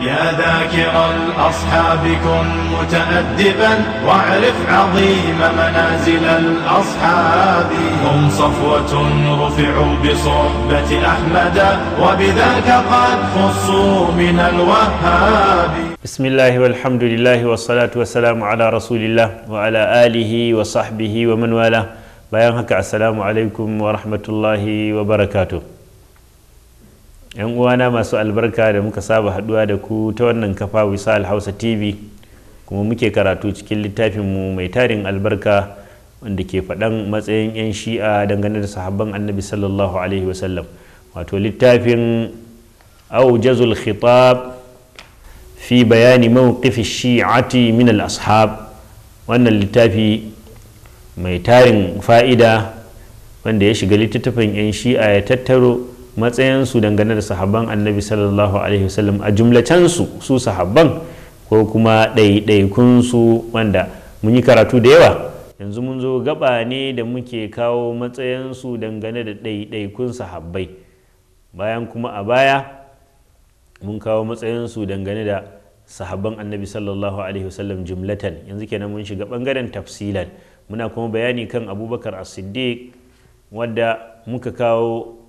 يا ذاكر الأصحاب كن متأدبا واعرف عظيم منازل الأصحاب هم صفوة رفعوا بصحبة أحمد وبذاك قد خصوا من الوهاب بسم الله والحمد لله والصلاة والسلام على رسول الله وعلى آله وصحبه ومن والاه بيان السلام عليكم ورحمة الله وبركاته yan uwana masu albarka da muka saba haduwa da ku ta wannan kafa wisa alhausa tv kuma muke karatu cikin littafinmu mai tarin albarka wanda ke faɗan matsayin 'yan shi'a dangane da sahabban annabi sallallahu alaihi wasallam wato littafin aujazul khitab fi bayani mawqifi shi'ati min al-ashab wannan littafi mai tarin fa'ida wanda ya shiga littattafan 'yan shi'a ya tattaro matsayinsu dangane da sahabban annabi sallallahu alaihi wasallam a jumlacensu su sahabban ko kuma ɗaiɗaikunsu wanda mun yi karatu da yawa yanzu mun zo gaba ne da muke kawo matsayinsu dangane da ɗaiɗaikun sahabbai bayan kuma a baya mun kawo matsayinsu dangane da sahabban annabi sallallahu alaihi wasallam jumlatan yanzu kenan mun shiga ɓangaren tafsilan muna kuma bayani kan abubakar as-siddiq wadda muka kawo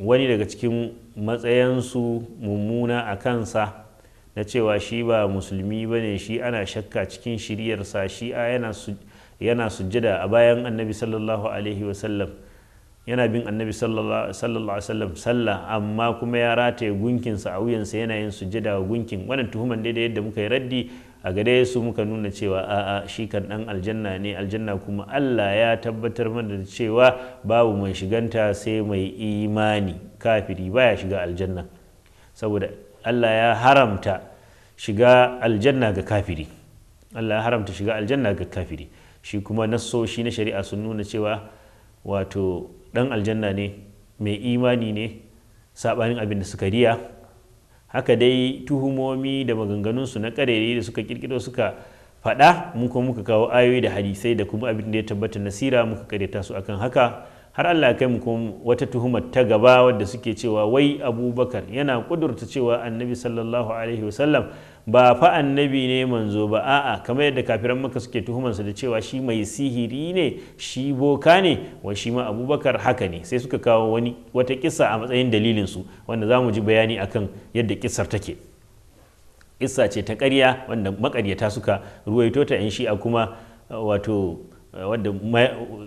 wani daga cikin matsayansu mummuna a kansa na cewa shi ba musulmi ba ne shi ana shakka cikin shiryarsa shi a yana sujjada a bayan annabi sallallahu alaihi wasallam yana bin annabi sallallahu alaihi wasallam sallah amma kuma ya rataye gunkinsa a wuyansa yana yin sujjada wa gunkin wannan tuhuman daidai yadda muka yi raddi a gare su muka nuna cewa a'a shi kan dan aljanna ne aljanna kuma Allah ya tabbatar mana da cewa babu mai shiganta sai mai imani kafiri baya shiga aljanna saboda Allah ya haramta shiga aljanna ga kafiri Allah ya haramta shiga aljanna ga kafiri shi kuma nassoshi na shari'a sun nuna cewa wato dan aljanna ne mai imani ne sabanin abin da suka riya haka dai tuhumomi da maganganunsu na karere da suka kirkiro suka faɗa mun kuma muka kawo ayoyi da hadisai da kuma abin da ya tabbata nasira muka karyata su akan haka har Allah kai mu kuma wata tuhumar ta gaba wadda suke cewa wai Abubakar yana kudurta cewa Annabi sallallahu alaihi wasallam ba fa annabi ne manzo ba a'a kamar yadda kafiran maka suke tuhumansa da cewa shi mai sihiri ne shi boka ne wa shi ma abubakar haka ne sai suka kawo wani wata kisa a matsayin dalilin su wanda za mu ji bayani akan yadda kisar take kissa ce ta ƙarya wanda makaryata suka ruwaito ta shi a kuma uh, wato uh, wadda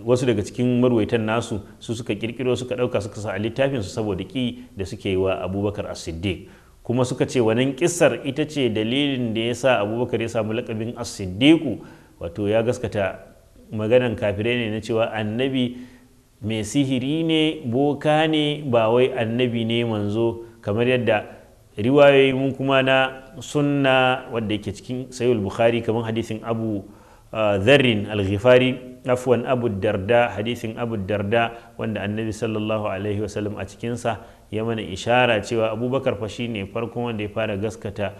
wasu daga cikin marwaitan nasu su suka kirkiro suka ɗauka suka sa a littafin su saboda ƙi da suke yi wa abubakar as-siddiq kuma suka ce wannan kissar ita ce dalilin da ya sa abubakar ya samu lakabin as-siddiqu wato ya gaskata maganan kafirai ne na cewa annabi mai sihiri ne boka ne ba wai annabi ne manzo kamar yadda riwayoyi mun kuma na sunna wadda yake cikin sayul bukhari kamar hadisin abu zarrin uh, al-ghifari afwan abu darda hadisin abu darda wanda annabi sallallahu alaihi wasallam a cikinsa ya mana ishara cewa abubakar fa ne farko wanda ya fara gaskata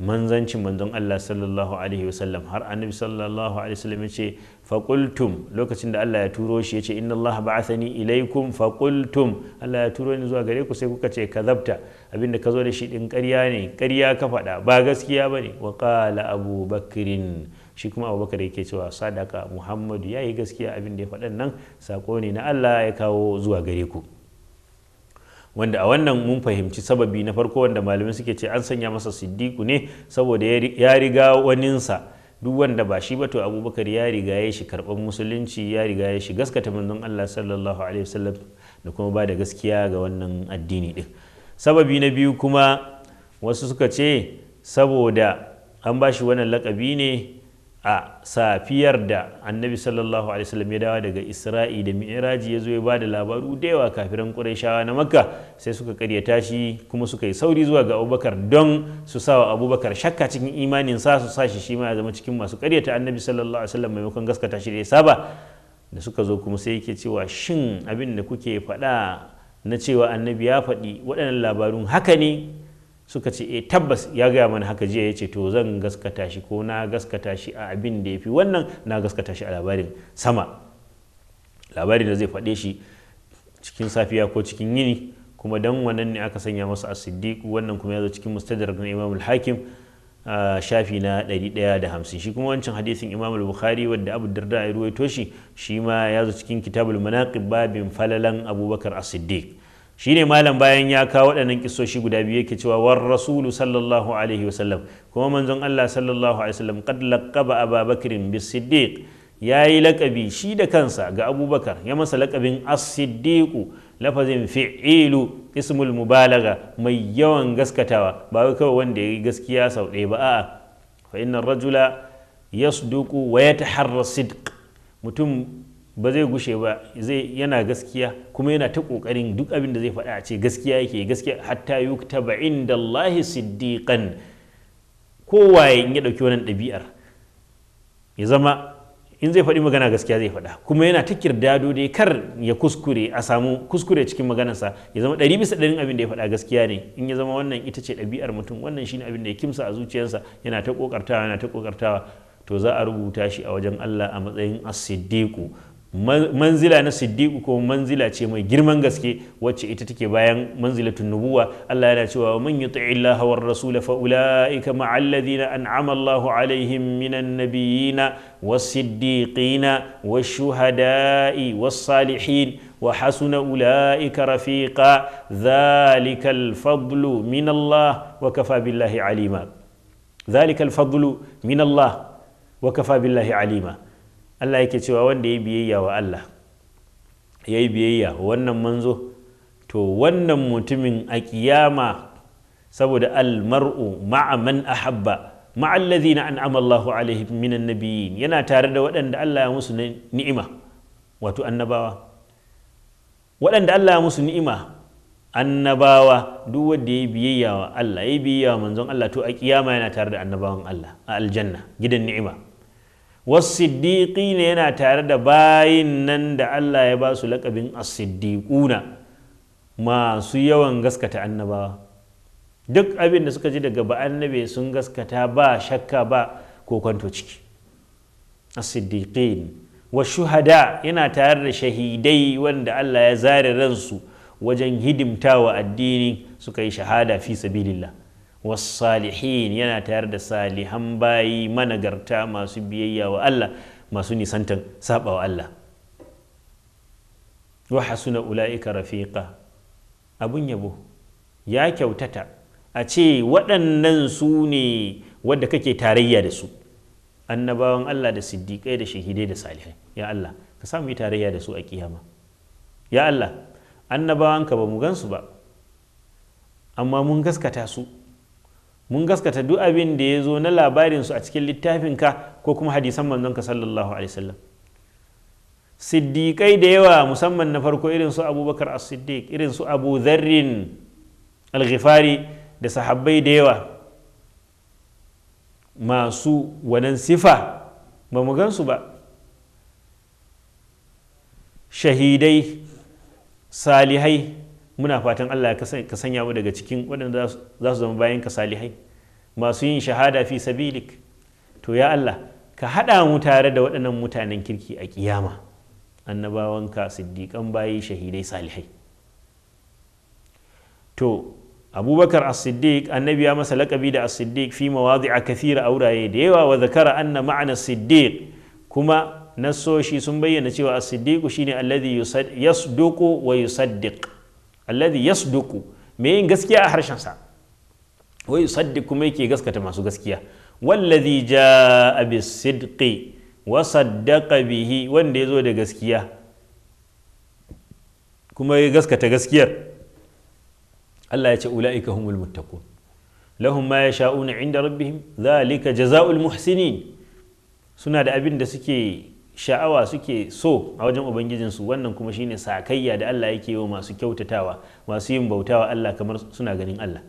manzancin manzon Allah sallallahu alaihi wasallam har annabi sallallahu alaihi wasallam yace fakultum lokacin da Allah ya turo shi yace inna Allah ba'athani ilaikum fakultum Allah ya turo ni zuwa gare ku sai kuka ce kazabta abinda ka zo da shi ɗin ƙarya ne ƙarya ka faɗa ba gaskiya bane wa qala abubakrin shi kuma abubakar yake cewa sadaka Muhammadu ya yi gaskiya abinda ya faɗan nan sako ne na Allah ya kawo zuwa gare ku wanda a wannan mun fahimci sababi na farko wanda malamin suke ce an sanya masa siddiku ne saboda ya riga waninsa duk wanda ba shi ba to abubakar ya riga ya shi karɓar musulunci ya riga ya shi gaskata manzon allah sallallahu alaihi wasallam da kuma ba da gaskiya ga wannan addini din sababi na biyu kuma wasu suka ce saboda an ba shi wannan lakabi ne a safiyar da annabi sallallahu alaihi wasallam ya dawo daga isra'i da mi'raji ya zo ya ba da labaru da yawa kafiran quraishawa na makka sai suka karyata shi kuma suka yi sauri zuwa ga abubakar don su sa wa abubakar shakka cikin imanin sa su sa shi ma ya zama cikin masu karyata annabi sallallahu alaihi wasallam maimakon gaskata shi da ya saba da suka zo kuma sai yake cewa shin abin da kuke faɗa na cewa annabi ya faɗi waɗannan labarun haka ne suka ce eh, tabbas ya gaya mana haka jiya ya ce to zan gaskata shi ko na gaskata shi a abin da ya fi wannan na gaskata shi a labarin sama labarin da zai faɗe shi cikin safiya ko cikin yini kuma dan wannan ne aka sanya masa a siddiq wannan kuma ya zo cikin mustadrak na imam al-hakim shafi na ɗari ɗaya da hamsin. shi kuma wancan hadisin imam al-bukhari wadda abu darda ya ruwaito shi shi ma ya zo cikin kitabul manaqib babin falalan abubakar as-siddiq shine malam bayan ya kawo waɗannan kisoshi guda biyu yake cewa war rasulu sallallahu alaihi wasallam kuma manzon Allah sallallahu alaihi wasallam qad laqaba Abubakar bis siddiq yayi laƙabi shi da kansa ga Abubakar ya masa laqabin as-siddiq lafazin fi'ilu ismul mubalagha mai yawan gaskatawa ba wai kawai wanda yayi gaskiya sau ɗaya ba a'a fa inna rajula yasduqu wa yataharra sidq mutum ba zai gushe ba zai yana gaskiya kuma yana ta kokarin duk abin da zai faɗa a ce gaskiya yake gaskiya hatta ba inda Allah siddiqan kowaye in ya ɗauki wannan ɗabi'ar ya zama in zai faɗi magana gaskiya zai faɗa kuma yana ta kirdado dai kar ya kuskure a samu kuskure cikin maganarsa ya zama ɗari bisa ɗarin abin da ya faɗa gaskiya ne in ya zama wannan ita ce ɗabi'ar mutum wannan shine abin da ya kimsa a zuciyarsa yana ta kokartawa yana ta kokartawa to za a rubuta shi a wajen Allah a matsayin as manzila na siddiqu ko manzila ce mai girman gaske wacce ita take bayan manzilatun nubuwa Allah yana cewa man yuti'i Allah war rasul fa ulaika ma'al ladina an'ama Allahu alaihim minan nabiyina was-siddiqina wash-shuhada'i was-salihin wa hasuna ulaika rafiqa dhalikal fadlu min Allah wa kafa billahi alima dhalikal fadlu min Allah wa kafa billahi alima Allah yake cewa wanda ya biyayya wa Allah ya yi biyayya wannan manzo to wannan mutumin a kiyama saboda almar'u ma'a man ahabba ma'a alladhina an'ama Allahu alaihim minan nabiyyin yana tare da waɗanda Allah ya musu ni'ima wato annabawa waɗanda Allah ya musu ni'ima annabawa duk wanda ya biyayya wa Allah ya biyayya wa manzon Allah to a kiyama yana tare da annabawan Allah a aljanna gidan ni'ima wasiddiƙi ne yana tare da bayin nan da Allah ya ba su laƙabin asiddiƙuna masu yawan gaskata annabawa duk abin da suka ji daga ba annabi sun gaskata ba shakka ba kokonto ciki asiddiƙin wa shuhada yana tare da shahidai wanda Allah ya zare ransu wajen hidimtawa addini suka yi shahada fi sabilillah wasalihin yana tayar da salihan bayi managarta masu biyayya wa Allah masu nisantan saba wa Allah wa hasuna ula'ika rafiqa abun yabo ya kyautata a ce waɗannan su ne wadda kake tarayya da su annabawan Allah da siddiƙai da shahidai da salihai ya Allah ka samu yi tarayya da su a kiyama ya Allah annabawanka ba mu gansu ba amma mun gaskata su mun gaskata duk abin da ya zo na labarinsu a cikin littafinka ko kuma hadisan ka sallallahu alaihi wasallam siddiqai da yawa musamman na farko irin su abubakar as-siddiq irin su abu zarrin al-ghifari da sahabbai da yawa masu wannan sifa ba mu gansu ba shahidai salihai muna fatan Allah ka sanya mu daga cikin waɗanda za su zama bayan ka salihai masu yin shahada fi sabilik to ya Allah ka haɗa mu tare da waɗannan mutanen kirki a kiyama annabawanka siddiƙan bayi shahidai salihai to abubakar as-siddiq annabi ya masa laƙabi da as-siddiq fi mawadi'a kathira a wurare da yawa wa zakara anna ma'ana siddiq kuma nassoshi sun bayyana cewa as-siddiq shine alladhi yasduqu wa yusaddiq alladhi yasduqu me yin gaskiya a harshen sa wai yusaddiq kuma yake gaskata masu gaskiya wallazi jaa bis sidqi wa saddaqa bihi wanda yazo da gaskiya kuma ya gaskata gaskiyar Allah ya ce ula'ika humul muttaqun lahum ma yasha'una inda rabbihim zalika jazaa'ul muhsinin suna da abin da suke sha'awa suke so a wajen ubangijinsu wannan kuma shine sakayya da Allah yake wa masu kyautatawa masu yin bautawa Allah kamar suna ganin Allah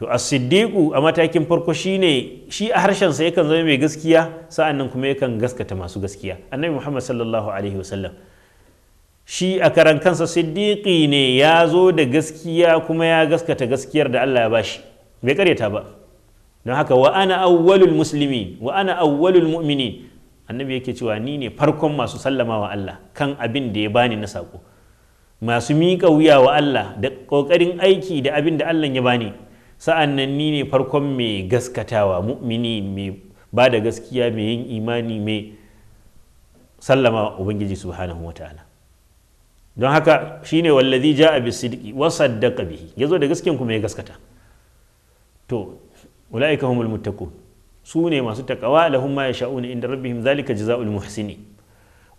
to as-siddiqu a matakin farko shine shi a harshen sa yakan zama mai gaskiya sa'annan kuma yakan gaskata masu gaskiya annabi Muhammad sallallahu alaihi wasallam shi a karan kansa siddiqi ne ya zo da gaskiya kuma ya gaskata gaskiyar da Allah ya bashi bai karyata ba don haka wa ana awwalul muslimin wa ana awwalul mu'minin annabi yake cewa ni ne farkon masu sallama wa Allah kan abin da ya bani na sako masu miƙa wuya wa Allah da ƙoƙarin aiki da abin da Allah ya bani sa'an nan ni ne farkon mai gaskatawa mu'mini mai ba da gaskiya mai yin imani mai sallama wa ubangiji subhanahu wataala don haka shine wallazi ja'a bisidqi wa saddaqa bihi yazo da gaskiyan kuma ya gaskata to ulaika humul muttaqun su ne masu takawa lahum ma yasha'una inda rabbihim zalika jazaa'ul muhsini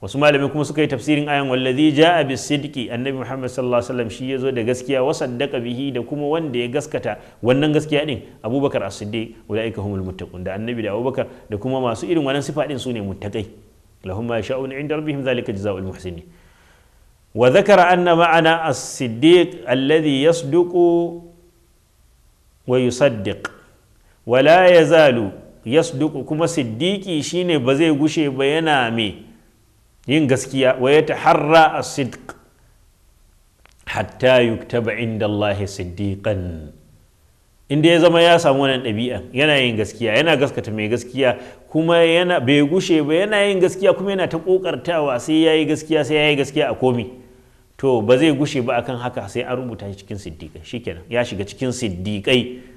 wasu malamai kuma suka yi tafsirin ayan wallazi ja'a bis sidqi annabi Muhammad sallallahu alaihi wasallam shi yazo da gaskiya wa saddaqa bihi da kuma wanda ya gaskata wannan gaskiya din Abubakar As-Siddiq ulaika humul muttaqun da annabi da Abubakar da kuma masu irin wannan sifa din sune muttaqai lahum ma yasha'una inda rabbihim zalika jazaa'ul muhsinin وذكر أن معنى الصديق الذي يصدق ويصدق ولا يزال yasduku kuma siddiqi shine ba zai gushe ba yana me yin gaskiya wa harra a sidq hatta yuktaba inda Allah siddiqan inda ya zama ya samu wannan ɗabi'a yana yin gaskiya yana gaskata mai gaskiya kuma yana bai gushe ba yana yin gaskiya kuma yana ta kokartawa sai yayi gaskiya sai yayi gaskiya a komi to ba zai gushe ba akan haka sai an rubuta shi cikin siddiqai shikenan ya shiga cikin siddiqai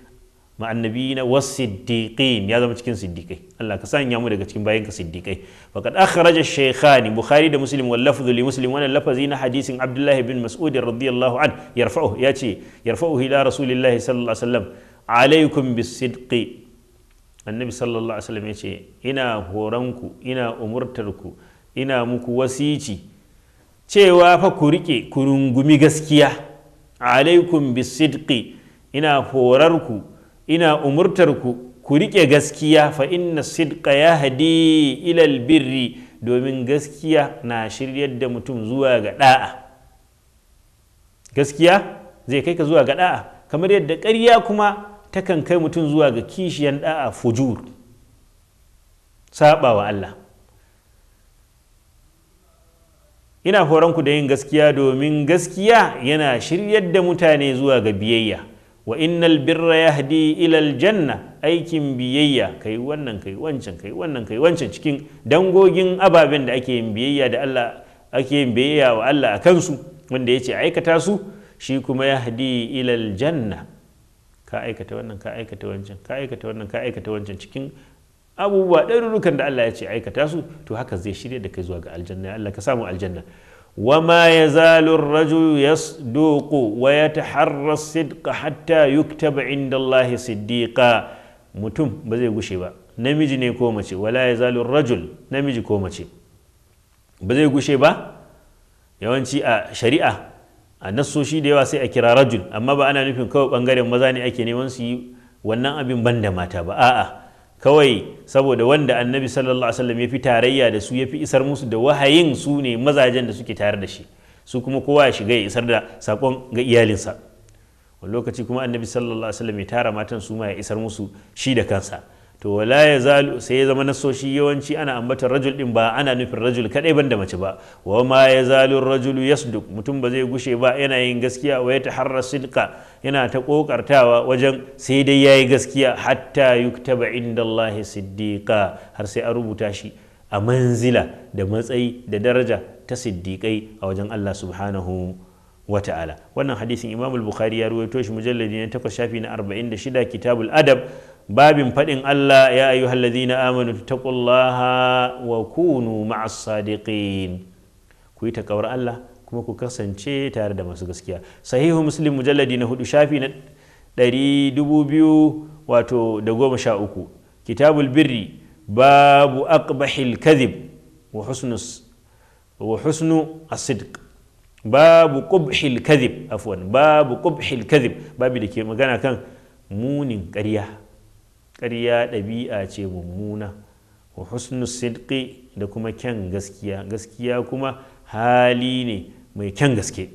ma annabiyina wasiddiqin ya zama cikin siddiqai Allah ka sanya mu daga cikin bayan ka siddiqai faqad akhraja shaykhani bukhari da muslim wal lafdhu li muslim wannan lafazi na hadisin abdullahi bin mas'ud radiyallahu an yarfa'u yace yarfa'u ila rasulillahi sallallahu alaihi wasallam alaikum bisidqi annabi sallallahu alaihi wasallam yace ina horanku ina umurtarku ina muku wasici cewa fa ku rike ku rungumi gaskiya alaikum bisidqi ina horarku ina umurtarku ku riƙe gaskiya fa inna sidqa ya hadi ilal birri domin gaskiya na shiryar da mutum zuwa ga da'a gaskiya zai kai ka zuwa ga da'a kamar yadda ƙarya kuma takan kai mutum zuwa ga kishiyan da'a fujur saba Allah ina horon ku da yin gaskiya domin gaskiya yana shiryar da mutane zuwa ga biyayya wa innal birra yahdi ila aljanna aikin biyayya kai wannan kai wancan kai wannan kai wancan cikin dangogin ababen da ake yin biyayya da Allah ake yin biyayya wa Allah a kansu wanda yace aikata su shi kuma yahdi ila aljanna ka aikata wannan ka aikata wancan ka aikata wannan ka aikata wancan cikin abubuwa ɗarurukan da Allah ya ce aikata su to haka zai shirya da kai zuwa ga aljanna Allah ka samu aljanna وما يزال الرجل يصدق ويتحرى الصدق حتى يكتب عند الله mutum متم بزي غشي با نمجي ne ko mace wala yazalu rajul namiji ko mace ba zai gushe ba yawanci a shari'a a nassoshi da yawa sai a kira rajul amma ba ana nufin kawai bangaren maza ne ake neman su yi wannan abin banda mata ba a'a kawai saboda wanda annabi sallallahu alaihi wasallam ya fi tarayya da su ya fi isar musu da wahayin su ne mazajen da suke tare da shi su kuma kowa ya shiga ya isar da sakon ga iyalinsa wani lokaci kuma annabi sallallahu alaihi wasallam ya tara matan su ma ya isar musu shi da kansa to wala ya zalu sai ya zama nasoshi yawanci ana ambatar rajul din ba ana nufin rajul kadai ban da mace ba wa ma ya zalu rajulu yasduk mutum ba zai gushe ba yana yin gaskiya wa ya taharra sidqa yana ta kokartawa wajen sai dai yayi gaskiya hatta yuktaba inda Allah siddiqa har sai a rubuta shi a manzila da matsayi da daraja ta siddiqai a wajen Allah subhanahu wata'ala wannan hadisin imamul bukhari ya ruwaito shi mujalladi na 8 shafi na 46 kitabul adab babin faɗin Allah ya ayu na amanu taqullaha wa kunu ma'as sadiqin ku yi takawar Allah kuma ku kasance tare da masu gaskiya sahihu muslim mujalladi na hudu shafi na ɗari dubu biyu wato da goma sha uku kitabul birri babu aqbahil kadhib wa wa husnu asidq sidq babu qubhil kadhib afwan babu qubhil kadhib babu da ke magana kan munin ƙarya ƙarya ɗabi'a ce mummuna wa husnu sidqi da kuma kyan gaskiya gaskiya kuma hali ne mai kyan gaske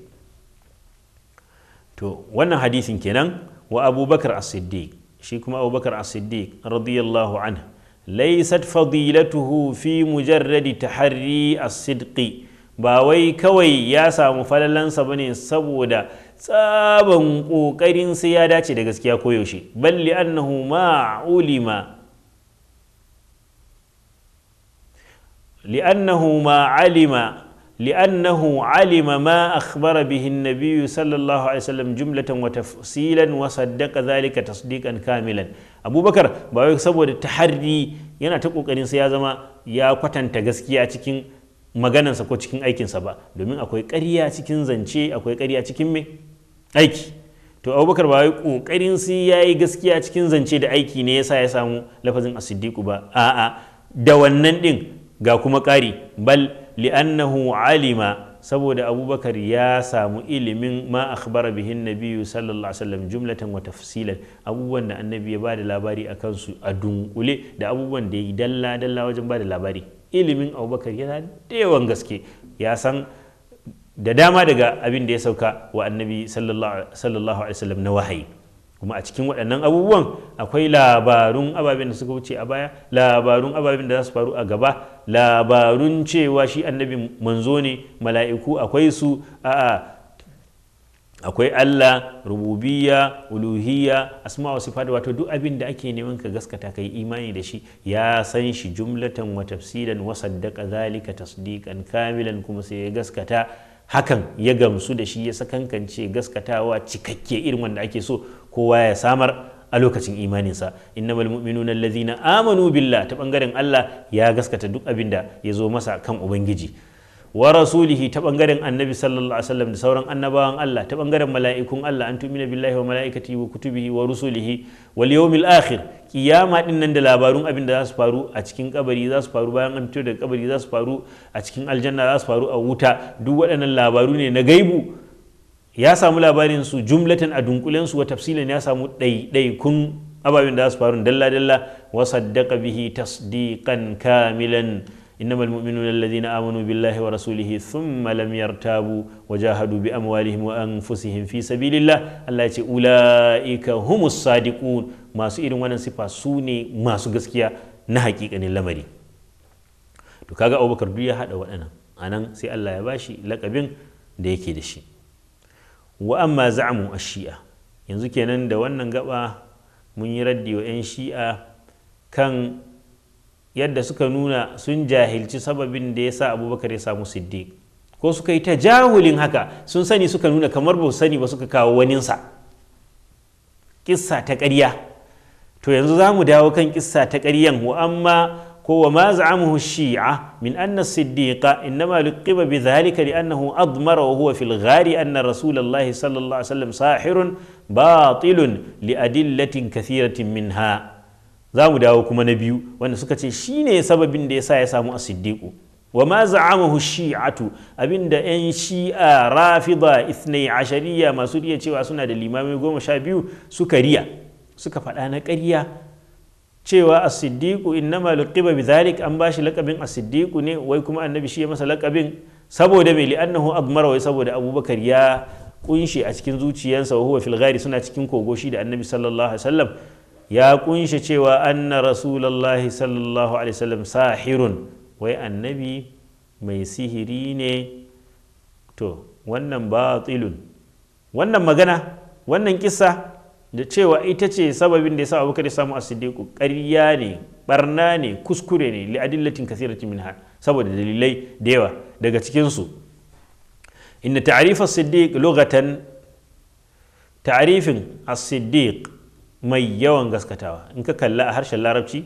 to wannan hadisin kenan wa abubakar as-siddiq shi kuma abubakar as-siddiq radiyallahu anhu laysat fadilatuhu fi mujarradi tahri as-sidqi ba wai kawai ya samu falalansa bane saboda tsaban ƙoƙarin ya dace da gaskiya koyaushe balli an na alima ma a bihin na biyu sallallahu aleyhi salam jumlatan wata silan wasa daga zalika ta sudikan kamilan abubakar ba wai saboda ta harbi yana ta ƙoƙarin sai ya zama ya kwatanta gaskiya cikin maganansa ko cikin aikinsa ba domin akwai ƙarya cikin zance akwai ƙarya cikin mai aiki to abubakar ba wai kokarin sai ya yi gaskiya cikin zance da aiki ne ya sa ya samu lafazin asiddiku ba a'a da wannan ɗin ga kuma ƙari bal li'annahu alima saboda abubakar ya samu ilimin ma akhbara bihin nabiyyu sallallahu alaihi wasallam jumlatan wa tafsilan abubuwan da annabi ya bada labari a kansu a dunkule da abubuwan da ya yi dalla dalla wajen ba da labari ilimin abubakar yana da yawan gaske ya san da dama daga abin da ya sauka wa annabi sallallahu alaihi wasallam na wahayi kuma a cikin waɗannan abubuwan akwai labarun ababen da suka wuce a baya labarun ababen da za su faru a gaba labarun cewa shi annabi manzo ne mala'iku akwai su a'a akwai Allah Rububiya, Uluhiya. asma wa sifat wato duk abin da ake neman ka gaskata kai imani da shi ya san shi jumlatan wa tafsiran wa saddaqa zalika tasdiqan kamilan kuma sai ya gaskata hakan ya gamsu da shi ya sakankance gaskatawa cikakke irin wanda ake so kowa ya samar a lokacin imaninsa innamal mu'minun allazina amanu billah ta bangaren Allah ya gaskata duk abin da ya zo masa kan ubangiji wa rasulihi ta bangaren annabi sallallahu alaihi wasallam da sauran annabawan Allah ta bangaren mala'ikun Allah an tumina billahi wa mala'ikati wa kutubihi wa rusulihi wal yawmil akhir kiyama din nan da labarun abin da za su faru a cikin kabari za su faru bayan an fito daga kabari za su faru a cikin aljanna za su faru a wuta duk waɗannan labaru ne na gaibu ya samu labarin su jumlatan a dunkulen su wa tafsilin ya samu ɗaiɗaikun ababen da za su faru dalla dalla wa saddaqa bihi tasdiqan kamilan إنما المؤمنون الذين آمنوا بالله ورسوله ثم لم يرتابوا وجاهدوا بأموالهم وأنفسهم في سبيل الله الله يقول أولئك هم الصادقون ما سئلوا وانا سفا سوني ما سقسكيا نحقيق أن اللمري to kaga abubakar duk ya haɗa waɗannan a nan sai allah ya bashi lakabin da yake da shi wa amma za'amu a shi'a yanzu kenan da wannan gaba mun yi raddi wa 'yan shi'a kan yadda suka nuna sun jahilci sababin da ya sa abubakar ya samu siddi ko suka yi ta jahulin haka sun sani suka nuna kamar ba sani ba suka kawo waninsa kissa ta ƙarya to yanzu za mu dawo kan kissa ta ƙaryan wa amma ko wa ma za'amuhu shi'a min anna siddiqa innama luqiba bi dhalika li annahu admara wa huwa fil ghari anna rasulullahi sallallahu alaihi wasallam sahirun batilun li adillatin kathiratin minha za mu dawo kuma na biyu wanda suka ce shi ne sababin da ya sa ya samu asiddiku wa ma za'amahu shi'atu abinda 'yan shi'a rafida ithnai ashariya masu riya cewa suna da limamai goma sha biyu suka riya suka faɗa na ƙarya cewa asiddiku innama luqiba bidhalik an bashi lakabin asiddiku ne wai kuma annabi shi ya masa lakabin saboda mai li'annahu admara wai saboda abubakar ya kunshi a cikin zuciyarsa wa huwa fil suna cikin kogoshi shi da annabi sallallahu alaihi wasallam ya kunshi cewa anna rasulallah sallallahu alaihi wasallam sahirun wai annabi mai sihiri ne to wannan batilun wannan magana wannan kisa da cewa ita ce sababin da ya sa abubakar ya samu asidiku ƙarya ne barna ne kuskure ne li'adillatin kasiratin minha saboda dalilai da yawa daga cikinsu inna ta'rifa siddiq lughatan ta'rifin as-siddiq mai yawan gaskatawa in ka kalla a harshen larabci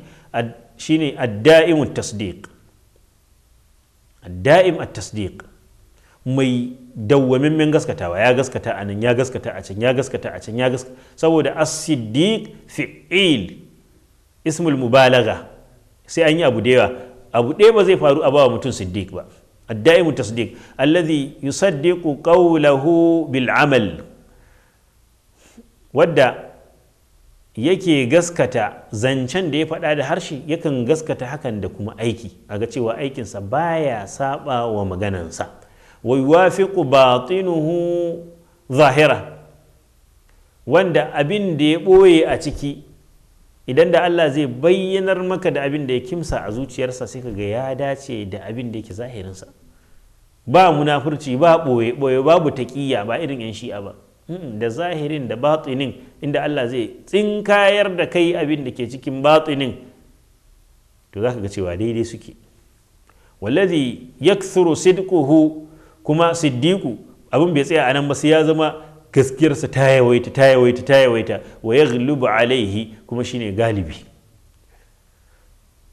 shine adda'im tasdiq adda'im at-tasdiq mai dawwamimmin gaskatawa ya gaskata a nan ya gaskata a can ya gaskata a can ya gaskata saboda as-siddiq fi'il ismul mubalagha sai an yi abu da yawa abu ɗaya ba zai faru a bawa mutum siddiq ba الدائم التصديق الذي يصدق قوله بالعمل Wadda. yake gaskata zancen da ya faɗa da harshe yakan gaskata hakan da kuma aiki a ga cewa aikinsa baya saba wa maganansa wai wafiqu batinuhu zahira wanda abin da ya ɓoye a ciki idan da Allah zai bayyanar maka da abin da ya kimsa a zuciyarsa sai ka ga ya dace da abin da yake zahirinsa ba munafurci ba ɓoye ɓoye babu taƙiyya ba irin 'yan shi'a ba da zahirin da batinin inda Allah zai tsinkayar da kai abin da ke cikin batinin to za ka ga cewa daidai suke wallazi yakthuru sidquhu kuma siddiqu abin bai tsaya anan ba sai ya zama gaskiyarsa ta yawaita ta yawaita ta yawaita wa yaghlibu alaihi kuma shine galibi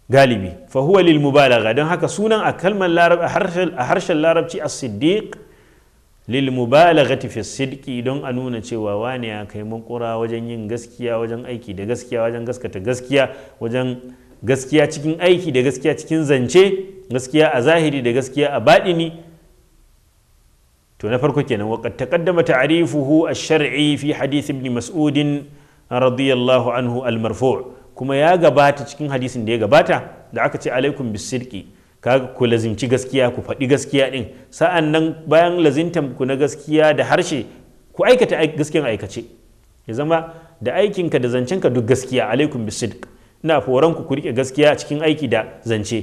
galibi fa huwa lil mubalagha don haka sunan a kalmar a harshen larabci as-siddiq lil la fi sidqi don a nuna cewa wane ya kai makura wajen yin gaskiya wajen aiki da gaskiya wajen gaskata gaskiya wajen gaskiya cikin aiki da gaskiya cikin zance gaskiya a zahiri da gaskiya a baɗini to na farko kenan wa qad taqaddama ta'rifuhu ash-shar'i fi hadith ibn mas'ud radiyallahu anhu al-marfu' kuma ya gabata cikin hadisin da ya gabata da aka ce alaikum bis sidqi kaga ku lazimci gaskiya ku faɗi gaskiya ɗin sa'an nan bayan lazimtan ku na gaskiya da harshe ku aikata gaskiyan aikace ya zama da aikinka da zancenka duk gaskiya alaikum sidq ina foran ku ku rike gaskiya cikin aiki da zance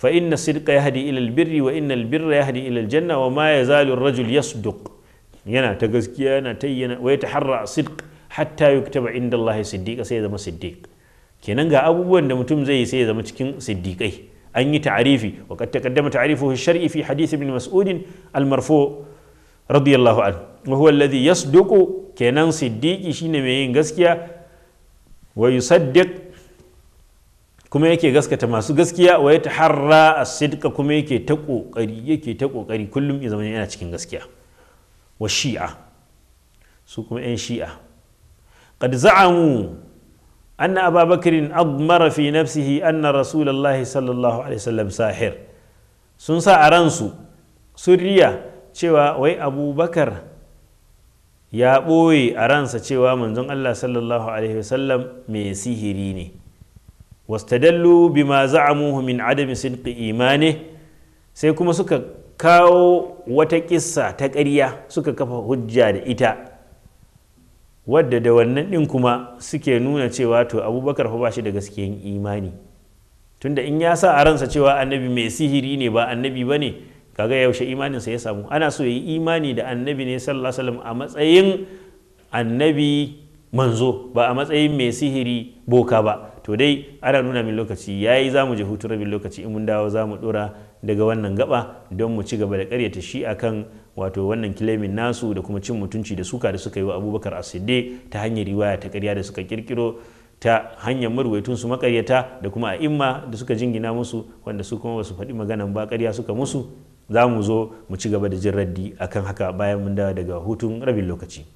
fa inna sidqa yahdi ila albirri wa inna albirra yahdi ila aljanna wa ma yazalu ar-rajul yasduq yana ta gaskiya yana ta yana wa yataharra sidq hatta yuktaba inda allahi Sidiqa sai ya zama siddiq kenan ga abubuwan da mutum zai yi sai ya zama cikin siddiqai أن تعريفي وقد تقدم تعريفه الشرعي في حديث ابن مسعود المرفوع رضي الله عنه وهو الذي يصدق كنان صديق شين مين غسكيا ويصدق كما يكي غسكة تماسو غسكيا ويتحرى الصدق كما يكي تقو قري يكي تقو قري كل إذا من أنا تكين غسكيا والشيعة سوكم أين شيعة قد زعموا أن أبا بكر أضمر في نفسه أن رسول الله صلى الله عليه وسلم ساحر سنسا أرانسو سرية cewa wai abubakar ya ɓoye a ransa cewa manzon Allah sallallahu alaihi wasallam mai sihiri ne wastadallu bima za'amuhu min adami sidqi imani sai kuma suka kawo wata kissa ta ƙarya suka kafa hujja da ita wadda da wannan ɗin kuma suke nuna cewa to abubakar fa ba shi da gaskiyan imani tunda in ya sa a ransa cewa annabi mai sihiri ne ba annabi ba ne kaga yaushe imaninsa ya samu ana so ya yi imani da annabi ne sallallahu a matsayin annabi manzo ba a matsayin mai sihiri boka ba to dai ana nuna min lokaci ya yi za mu je hutu rabin lokaci in mun dawo za mu ɗora daga wannan gaba don mu ci gaba da karyata shi akan wato wannan kilemin nasu da kuma cin mutunci da suka da suka yi wa abubakar asidde ta hanyar riwaya ta karya da suka kirkiro ta hanyar marwaitun su makaryata da kuma a'imma da suka jingina musu wanda su kuma basu faɗi maganan ba karya suka musu za mu zo mu ci gaba da jin raddi akan haka bayan mun dawo daga hutun rabin lokaci